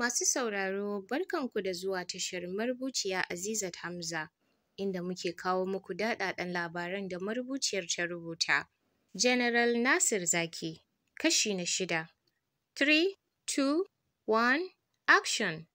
Masu sauraro barkanku da zuwa tashar marubuciya Azizat Hamza inda muke kawo muku daɗaɗɗen labaran da marubuciyar ta rubuta. General Nasir Zaki kashi na shida. 3, 2, one, action!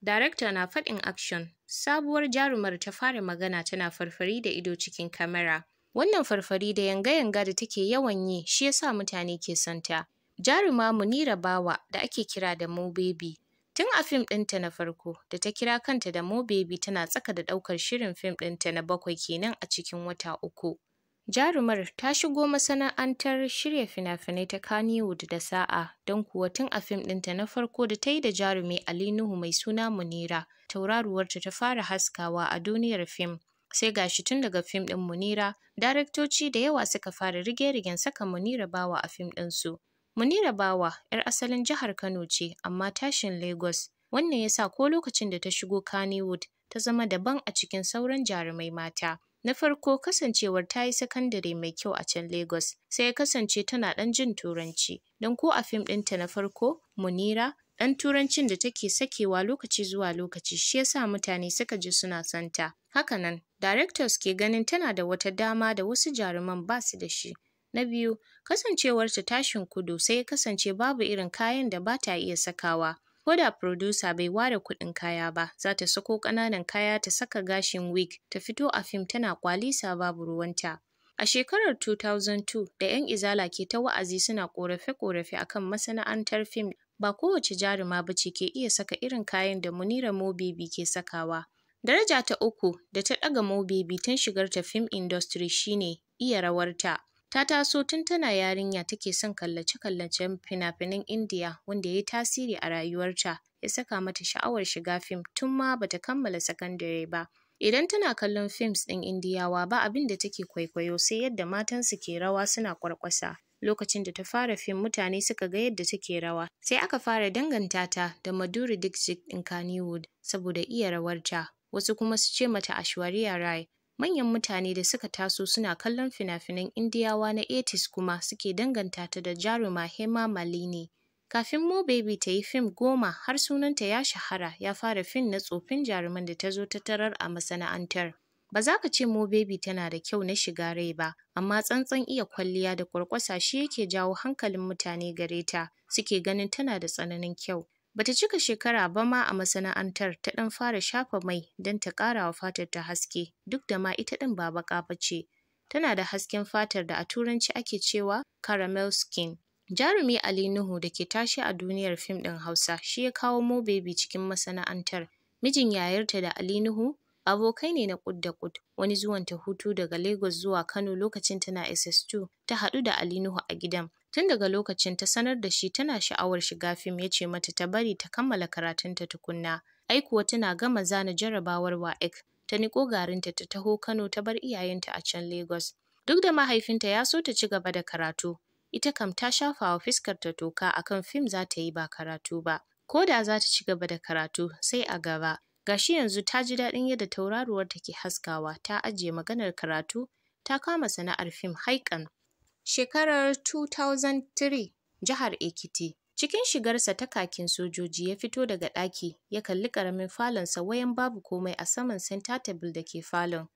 Director na faɗin action, sabuwar jarumar ta fara magana tana farfari da ido cikin kamera. Wannan farfari da yanga-yanga da take yawan yi shi yasa mutane ke son ta. Jaruma Munira Bawa da ake kira da Mo Baby Tun a fim ɗinta na farko da ta kira kanta da Mo Baby tana tsaka da ɗaukar shirin fim ɗinta na bakwai kenan a cikin wata uku. Jarumar ta shigo masana'antar shirya fina-finai ta Kannywood da sa'a don kuwa tun a fim ɗinta na farko da ta yi da jarumi Ali Nuhu mai suna Munira, tauraruwarta ta fara haskawa a duniyar fim. Sai gashi tun daga fim ɗin Munira, daraktoci da yawa suka fara rige-rigen saka Munira Bawa a fim ɗinsu. Munira Bawa, 'yar asalin jihar Kano ce, amma tashin Lagos. Wannan ya sa ko lokacin da ta shigo Kannywood, ta zama daban a cikin sauran jarumai mata. Na farko kasancewar ta yi sakandare mai kyau a can Lagos, sai ya kasance tana ɗan jin Turanci, don ko a fim ɗinta na farko, Munira, ɗan Turancin da take sakewa lokaci zuwa lokaci shi yasa mutane suka ji suna santa. Hakanan Haka nan, directors ke ganin tana da wata dama da wasu jaruman ba su da shi. Na biyu, kasancewarta tashin kudu sai ya kasance babu irin kayan da ba ta iya sakawa. Ko da producer bai ware kuɗin kaya ba, za ta sako ƙananan kaya ta saka gashin wig, ta fito a fim tana kwalisa babu ruwanta. A shekarar 2002 da 'yan Izala ke ta wa'azi suna ƙorafe-ƙorafe kan masana'antar fim, ba kowace jaruma ba ce ke iya saka irin kayan da Munira Mobebi ke sakawa. Daraja ta uku da ta ɗaga Mobebi tun shigarta fim industry shine iya rawarta. Ta taso tun tana yarinya take son kallace-kallacen fina-finan Indiya wanda ya yi tasiri a rayuwarta ya saka mata sha'awar shiga fim tun ma bata kammala sakandare ba. Idan tana kallon fims ɗin Indiyawa ba abin da take kwaikwayo sai yadda matansu ke rawa suna ƙwarƙwasa. Lokacin da ta fara fim mutane suka ga yadda take rawa, sai aka fara danganta ta da Madhuri Dixit ɗin Kannywood saboda iya rawarta, wasu kuma su ce mata Aishwarya Rai manyan mutane da suka taso suna kallon fina-finan Indiyawa na 80s kuma suke danganta ta da jaruma Hema Malini. Kafin Mo Baby ta yi fim goma har sunanta ya shahara ya fara fim na tsofin jaruman da ta zo ta tarar a masana'antar. Ba za ka ce Mo Baby tana da kyau na shiga rai ba, amma tsantsan iya kwalliya da kwarkwasa shi yake jawo hankalin mutane gare ta, suke ganin tana da tsananin kyau. Bata cika shekara ba ma a masana'antar ta ɗan fara shafa mai don ta ƙara wa fatar ta haske duk da ma ita ɗin ba baƙa ba ce. Tana da hasken fatar da a Turanci ake cewa caramel skin. Jarumi Ali Nuhu da ke tashi a duniyar fim ɗin Hausa shi ya kawo Mo Baby cikin masana'antar. Mijin yayarta da Ali Nuhu abokai ne na ƙud da ƙud. Wani zuwan ta hutu daga Lagos zuwa Kano lokacin tana SS2 ta haɗu da Ali Nuhu a gidan. Tun daga lokacin ta sanar da shi tana sha'awar shiga fim ya ce mata ta bari ta kammala karatunta tukunna. Ai kuwa tana gama zana jarabawar WAEC, ta niƙo garinta ta taho Kano ta bar iyayenta a can Lagos. Duk da mahaifinta ya so ta ci gaba da karatu, ita kam ta shafa wa fuskarta toka akan fim za ta yi ba karatu ba. Ko da za ta ci gaba da karatu sai a gaba. Gashi yanzu ta ji daɗin yadda tauraruwar take haskawa, ta ajiye maganar karatu, ta kama sana'ar fim haikan. shekarar 2003, jihar Ekiti. Cikin shigarsa ta kakin sojoji ya fito daga ɗaki ya kalli ƙaramin falonsa wayan babu komai a saman center table da ke falon.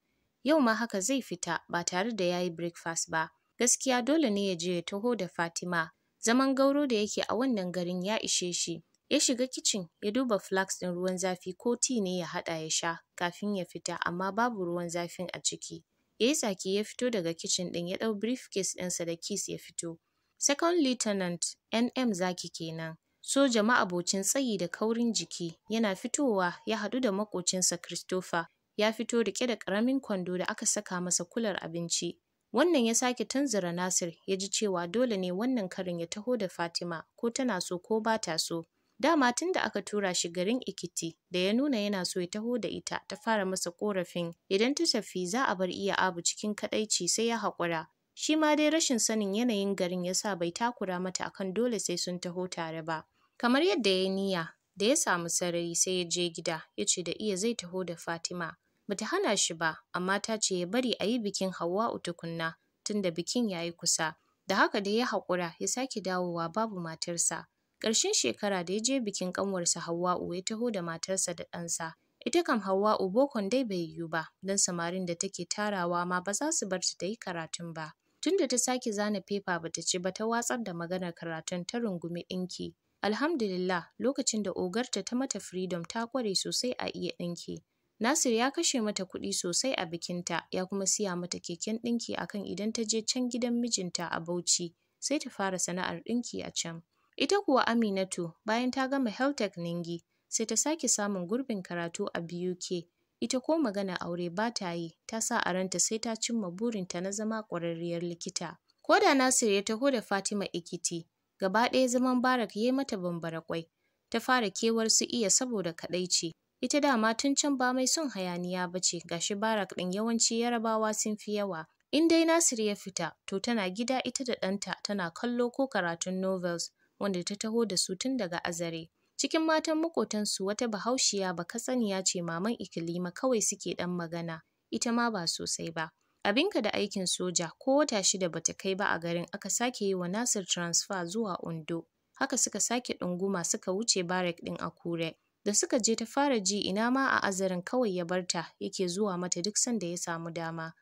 Yau ma haka zai fita ba tare da ya yi breakfast ba. Gaskiya dole ne ya je ya taho da Fatima. Zaman gauro da yake a wannan garin ya ishe shi. Ya shiga kicin ya duba flask ɗin ruwan zafi ko ti ne ya haɗa ya sha kafin ya fita amma babu ruwan zafin a ciki. Ya yi tsaki ya fito daga kicin ɗin ya ɗau briefcase ɗinsa da keys ya fito. Second Lieutenant NM Zaki kenan. Soja ma'abocin tsayi da kaurin jiki yana fitowa ya haɗu da maƙocinsa Christopher ya fito riƙe da ƙaramin kwando da aka saka masa kular abinci. Wannan ya sake tunzura Nasir ya ji cewa dole ne wannan karin ya taho da Fatima ko tana so ko ba ta so. Dama tun da aka tura shi garin Ikiti da ya nuna yana so ya taho da ita ta fara masa ƙorafin idan ta tafi za a bar iya abu cikin kaɗaici sai ya haƙura. Shi ma dai rashin sanin yanayin garin ya sa bai takura mata akan dole sai sun taho tare ba. Kamar yadda ya yi niyya da ya samu sarari sai ya je gida ya ce da iya zai taho da Fatima. Bata hana shi ba amma ta ce ya bari a yi bikin Hauwa'u tukunna tunda bikin ya yi kusa. Da haka dai ya haƙura ya sake dawowa babu matarsa. Ƙarshen shekara da ya je bikin ƙanwarsa Hauwa'u ya taho da matarsa da ɗansa. Ita kam Hauwa'u bokon dai bai yiwu ba, don samarin da take tarawa ma ba za su bar ta ta yi karatun ba. tun da ta sake zana fefa ba ta ci ba ta watsar da maganar karatun ta rungumi ɗinki. Alhamdulillah lokacin da ogarta ta mata firidom ta ƙware sosai a iya ɗinki. Nasir ya kashe mata kuɗi sosai a bikinta ya kuma siya mata keken ɗinki akan idan ta je can gidan mijinta a Bauchi sai ta fara sana'ar ɗinki a can. Ita kuwa Aminatu bayan ta gama Heltec Ningi sai ta sake samun gurbin karatu a BUK. Ita ko magana aure ba ta yi, ta sa a ranta sai ta cimma burinta na zama ƙwararriyar likita. Ko da Nasir ya taho da Fatima Ekiti, gaba ɗaya zaman Barak ya yi mata bambara ƙwai. Ta fara kewar su iya saboda kaɗaici. Ita dama tun can ba mai son hayaniya ba ce, gashi Barak ɗin yawanci Yarabawa sun fi yawa. In dai Nasir ya fita, to tana gida ita da ɗanta tana kallo ko karatun novels. wanda ta taho da su tun daga Azare. Cikin matan maƙotansu wata Bahaushiya ba kasaniya ce maman Ikilima kawai suke ɗan magana, ita ma ba sosai ba. Abinka da aikin soja ko wata shida bata kai ba a garin aka sake yi wa Nasir transfer zuwa Ondo. Haka suka sake ɗunguma suka wuce barak ɗin Akure. Da suka je ta fara ji ina ma a azarin kawai ya barta yake zuwa mata duk sanda ya samu dama.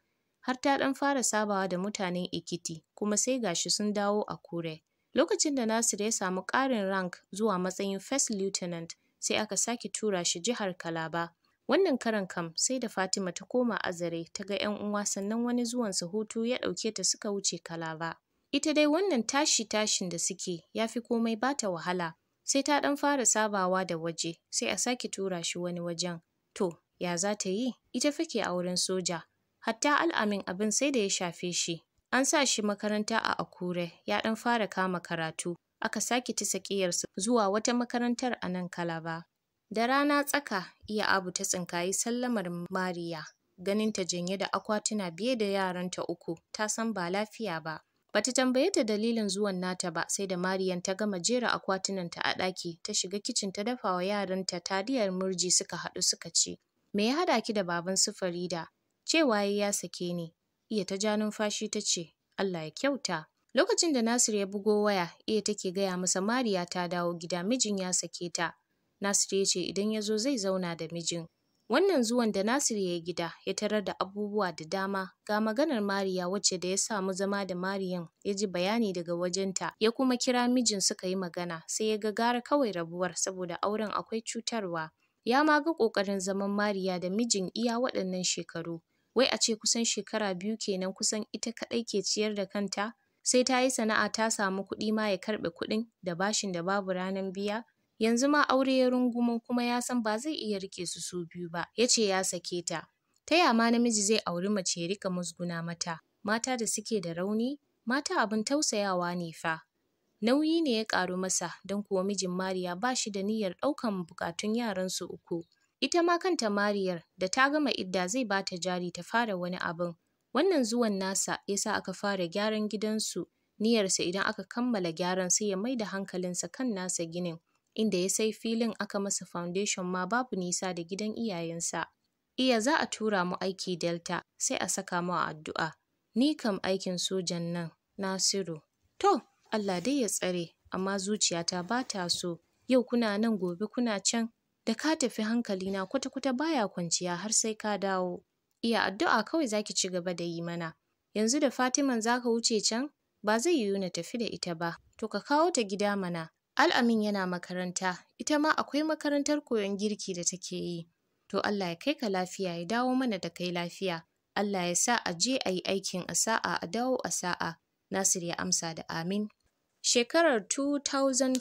Har ta ɗan fara sabawa da mutanen Ekiti kuma sai gashi sun dawo Akure. Lokacin da Nasir ya samu ƙarin rank zuwa matsayin First Lieutenant, sai aka sake tura shi jihar Calabar. Wannan karan kam sai da Fatima ta koma Azare ta ga ‘yan uwa sannan wani zuwansa hutu ya ɗauke ta suka wuce Calabar. Ita dai wannan tashi-tashin da suke ya fi komai ba ta wahala, sai ta ɗan fara sabawa da waje, sai a sake tura shi wani wajen. To, ya za ta yi? Ita fa ke auren soja. Hatta al'amin abin sai da ya shafe shi, An sa shi makaranta a Akure, ya ɗan fara kama karatu, aka sake tisa ƙiyarsa zuwa wata makarantar a nan kalaba Da rana tsaka, iya Abu ta tsinkayi sallamar Mariya, Ganin ta janye da akwatuna biye da yaranta uku, ta san ba lafiya ba. Bata tambaye ta dalilin zuwan nata ba, sai da Mariyan ta gama jera akwatunanta a ɗaki, ta shiga kicin ta dafa wa yaranta tadiyar murji suka haɗu suka ci. Me ya haɗa ki da baban su Farida? Cewa ya sake ni. Iya ta ja numfashi ta ce, Allah ya kyauta. Lokacin da Nasir ya bugo waya, Iya take gaya masa Mariya ta dawo gida mijin ya sake ta. Nasir ya ce idan ya zo zai zauna da mijin. Wannan zuwan da Nasir ya yi gida ya tarar da abubuwa da dama ga maganar Mariya wacce da ya samu zama da Mariyan ya ji bayani daga wajenta ya kuma kira mijin suka yi magana sai ya ga gara kawai rabuwar saboda auren akwai cutarwa. Ya ma ga ƙoƙarin zaman Mariya da mijin iya waɗannan shekaru. wai a ce kusan shekara biyu kenan kusan ita kaɗai ke ciyar da kanta, sai ta yi sana'a ta samu kuɗi ma ya karɓe kuɗin da bashin da babu ranar biya. Yanzu ma aure ya rungumo kuma ya san ba zai iya riƙe su su biyu ba, ya ce ya sake ta. Ta ya ma namiji zai auri mace ya riƙa musguna mata? Mata da suke da rauni, mata abin tausayawa ne fa. Nauyi ne ya ƙaru masa, don kuwa mijin Mariya ba shi da niyyar ɗaukan buƙatun yaransu uku. Ita ma kanta Mariyar da ta gama idda zai ba ta jari ta fara wani abin. Wannan zuwan nasa ya sa aka fara gyaran gidansu, niyyarsa idan aka kammala gyaran sai ya mai da hankalinsa kan nasa ginin, inda ya sai filin aka masa foundation ma babu nisa da gidan iyayensa. Iya za a tura mu aiki Delta, sai a saka mu a addu'a. Ni kam aikin sojan nan, Nasiru. To, Allah dai ya tsare, amma zuciyata ba ta so, yau kuna nan gobe kuna can, da ka tafi hankali na kwata-kwata baya kwanciya har sai ka dawo. Iya addu'a kawai zaki ci gaba da yi mana. Yanzu da Fatima za ka wuce can? Ba zai yiwu na tafi da ita ba. To ka kawo ta gida mana. Al'amin yana makaranta, ita ma akwai makarantar koyon girki da take yi. To Allah ya kai ka lafiya ya dawo mana da kai lafiya. Allah ya sa a je a yi aikin a sa'a a dawo a sa'a. Nasir ya amsa da amin. Shekarar 2004,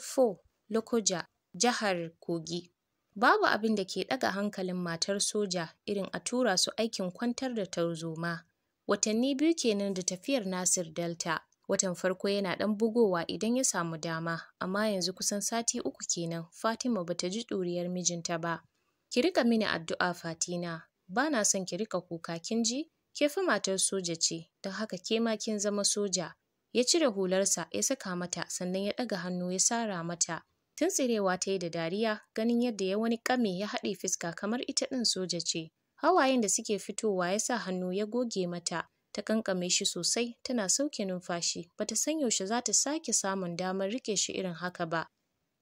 Lokoja, jihar Kogi. Babu abin da ke ɗaga hankalin matar soja irin a tura su aikin kwantar da tarzoma. Watanni biyu kenan da tafiyar Nasir Delta. Watan farko yana ɗan bugowa idan ya samu dama, amma yanzu kusan sati uku kenan Fatima ba ta ji ɗuriyar mijinta ba. Ki riƙa mini addu'a Fatina, ba na son ki riƙa kuka kin ji? Ke fa matar soja ce, don haka ke ma kin zama soja. Ya cire hularsa ya saka mata sannan ya ɗaga hannu ya sara mata. Tuntsirewa ta yi da dariya ganin yadda ya wani ƙame ya haɗe fuska kamar ita ɗin soja ce. Hawayen da suke fitowa ya sa hannu ya goge mata, ta ƙanƙame shi sosai tana sauke numfashi, bata san yaushe za ta sake samun damar riƙe shi irin haka ba.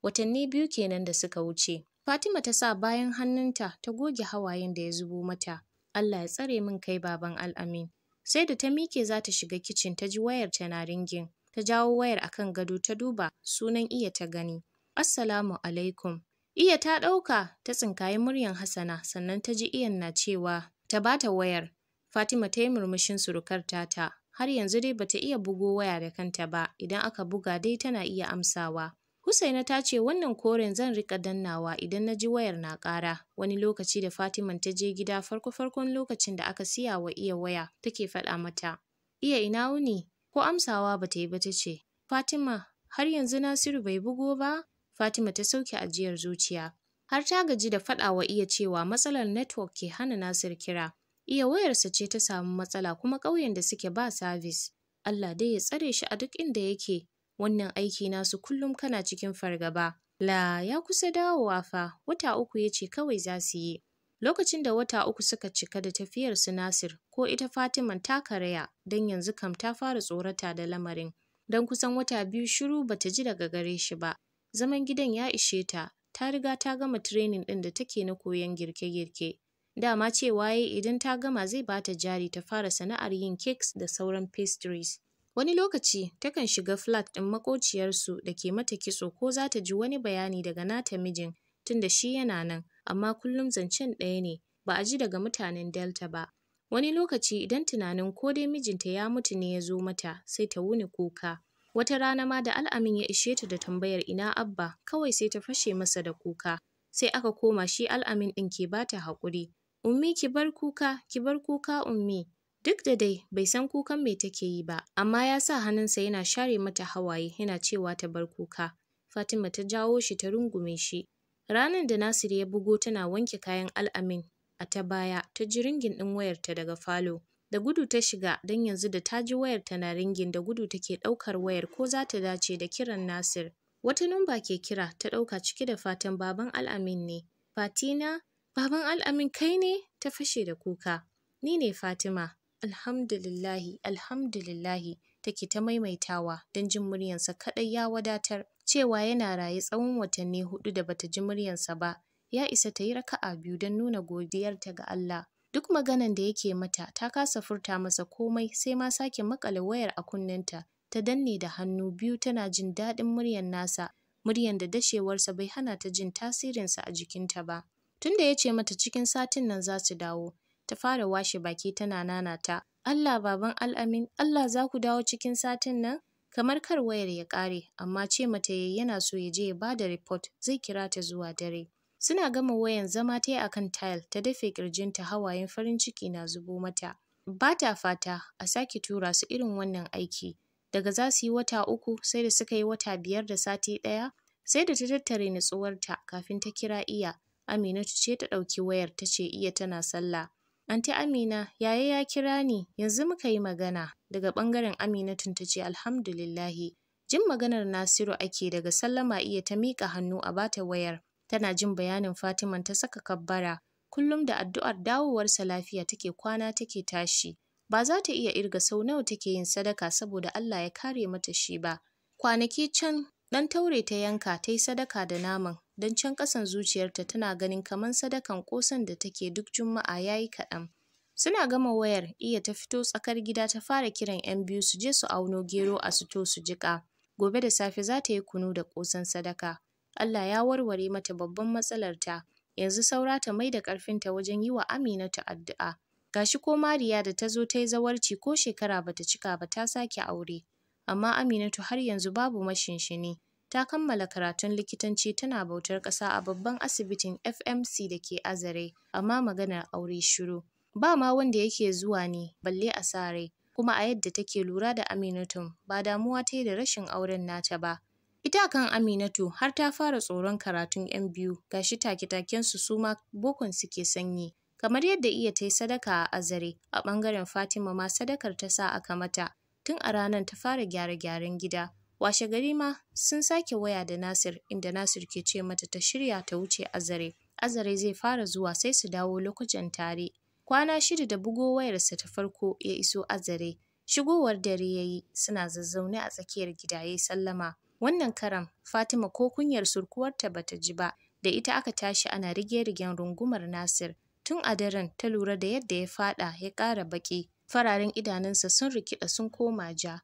Watanni biyu kenan da suka wuce. Fatima ta sa bayan hannunta ta goge hawayen da ya zubo mata. Allah ya tsare min kai baban al'amin. Sai da ta miƙe za ta shiga kicin ta ji wayar tana ringin. Ta jawo wayar akan gado ta duba sunan iya ta gani. Assalamu alaikum. Iya ta ɗauka ta tsinkayi muryan Hassana sannan ta ji iyan na cewa ta bata wayar. Fatima ta yi murmushin surukar tata. Har yanzu dai bata iya bugo waya da kanta ba, idan aka buga dai tana iya amsawa. Husaina ta ce wannan koren zan rika dannawa idan na ji wayar na ƙara. Wani lokaci da Fatima ta je gida farko-farkon lokacin da aka siya wa iya waya take faɗa mata. Iya ina wuni? Ko amsawa bata yi ba ta ce, Fatima, har yanzu Nasiru bai bugo ba? Fatima ta sauke ajiyar zuciya. Har ta gaji da faɗawa iya cewa matsalar network ke hana Nasir kira. Iya wayarsa ce ta samu matsala kuma ƙauyen da suke ba sabis. Allah dai ya tsare shi a duk inda yake. Wannan aiki nasu kullum kana cikin fargaba. La ya kusa dawowa fa, wata uku ya ce kawai za su yi. Lokacin da wata uku suka cika da tafiyar su Nasir, ko ita Fatima ta karaya, don yanzu kam ta fara tsorata da lamarin. Don kusan wata biyu shiru bata ji daga gare shi ba. Zaman gidan ya ishe ta, ta riga ta gama tirenin ɗin da take na koyon girke-girke. Dama cewa waye idan ta gama zai ba ta jari ta fara sana'ar yin cakes da sauran pastries. Wani lokaci takan shiga flat ɗin maƙociyarsu da ke mata kitso ko za ta ji wani bayani daga nata mijin tun da shi yana nan, amma kullum zancen ɗaya ne, ba a ji daga mutanen Delta ba. Wani lokaci idan tunanin ko dai mijinta ya mutu ne ya zo mata, sai ta wuni kuka. Wata rana ma da al'amin ya ishe ta da tambayar ina Abba, kawai sai ta fashe masa da kuka. Sai aka koma shi al'amin ɗin ke ba ta haƙuri. Ummi ki bar kuka, ki bar kuka ummi. Duk da dai bai san kukan me take yi ba, amma ya sa hannunsa yana share mata hawaye yana cewa ta bar kuka. Fatima ta jawo shi ta rungume shi. Ranar da Nasiru ya bugo tana wanke kayan al'amin a ta baya ta ji ringin ɗin wayarta daga falo. Da gudu ta shiga don yanzu da ta ji wayar tana ringin da gudu take ɗaukar wayar ko za ta dace da kiran Nasir. Wata numba ke kira ta ɗauka cike da fatan baban Al'amin ne. Fatina, baban Al'amin kai ne? Ta fashe da kuka. Ni ne Fatima. Alhamdulillahi, alhamdulillahi. Take ta maimaitawa don jin muryarsa kaɗai ya wadatar. Cewa yana raye tsawon watanni hudu da bata ji muryarsa ba. Ya isa ta yi raka'a biyu don nuna godiyarta ga Allah. Duk maganan da yake mata ta kasa furta masa komai sai ma sake makale wayar a kunnenta ta danne da hannu biyu tana jin daɗin muryar nasa, muryar da dashewarsa bai hana ta jin tasirinsa a jikinta ba. Tunda ya ce mata cikin satin nan za su dawo, ta fara washe baki tana nana ta Allah baban al'amin, Allah za ku dawo cikin satin nan? Kamar kar wayar ya ƙare, amma ce mata yayi yana so ya je ya ba da report, zai kira ta zuwa dare. Suna gama wayan zama ta yi a kan tayil ta dafe ƙirjinta hawayen farin ciki na zubo mata. Bata fata a sake tura su irin wannan aiki. Daga za su yi wata uku sai da suka yi wata biyar da sati ɗaya sai da ta tattare natsuwarta kafin ta kira iya. Aminatu ce ta ɗauki wayar ta ce iya tana sallah. Anti Amina, yaya ya kira ni, yanzu muka yi magana. Daga ɓangaren Aminatun tace ce alhamdulillahi. Jin maganar Nasiru ake daga sallama iya ta miƙa hannu a bata wayar. Tana jin bayanin Fatiman ta saka kabbara. Kullum da addu'ar dawowarsa lafiya take kwana take tashi. Ba za ta iya irga sau nawa take yin sadaka saboda Allah ya kare mata shi ba. Kwanaki can ɗan taure ta yanka ta yi sadaka da naman don can ƙasan zuciyarta tana ganin kamar sadakan ƙosan da take duk juma'a ya yi kaɗan. Suna gama wayar, iya ta fito tsakar gida ta fara kiran ‘yan biyu su je su auno gero a suto su jiƙa. Gobe da safe za ta yi kunu da ƙosan sadaka. Allah ya warware mata babban matsalarta. Yanzu saura ta mai da ƙarfinta wajen yi wa Aminatu addu'a. Gashi ko Mariya da ta zo ta yi zawarci ko shekara ba ta cika ba ta sake aure. Amma Aminatu har yanzu babu mashinshini. Ta kammala karatun likitanci tana bautar ƙasa a babban asibitin FMC da ke Azare, amma maganar aure shiru. Ba ma wanda yake zuwa ne, balle a sa rai. kuma a yadda take lura da Aminatun ba damuwa ta yi da rashin auren nata ba, Ita kan Aminatu har ta fara tsoron karatun ‘yan biyu, ga shi take-takensu su ma bokon suke sanyi. Kamar yadda iya ta yi sadaka a azare, a ɓangaren Fatima ma sadakar ta sa aka mata. Tun a ranar ta fara gyare-gyaren gida. Washe gari ma sun sake waya da Nasir, inda Nasir ke ce mata ta shirya ta wuce azare. Azare zai fara zuwa sai su dawo lokacin tare. Kwana shida da bugo wayarsa ta farko ya iso azare. Shigowar dare ya yi, suna zazzaune a tsakiyar gida ya yi sallama. Wannan karan Fatima ko kunyar surkuwarta ta bata ji ba, da ita aka tashi ana rige-rigen rungumar Nasir. Tun a daren ta lura da yadda ya faɗa ya ƙara baƙi, fararen idanunsa sun rikida sun koma ja.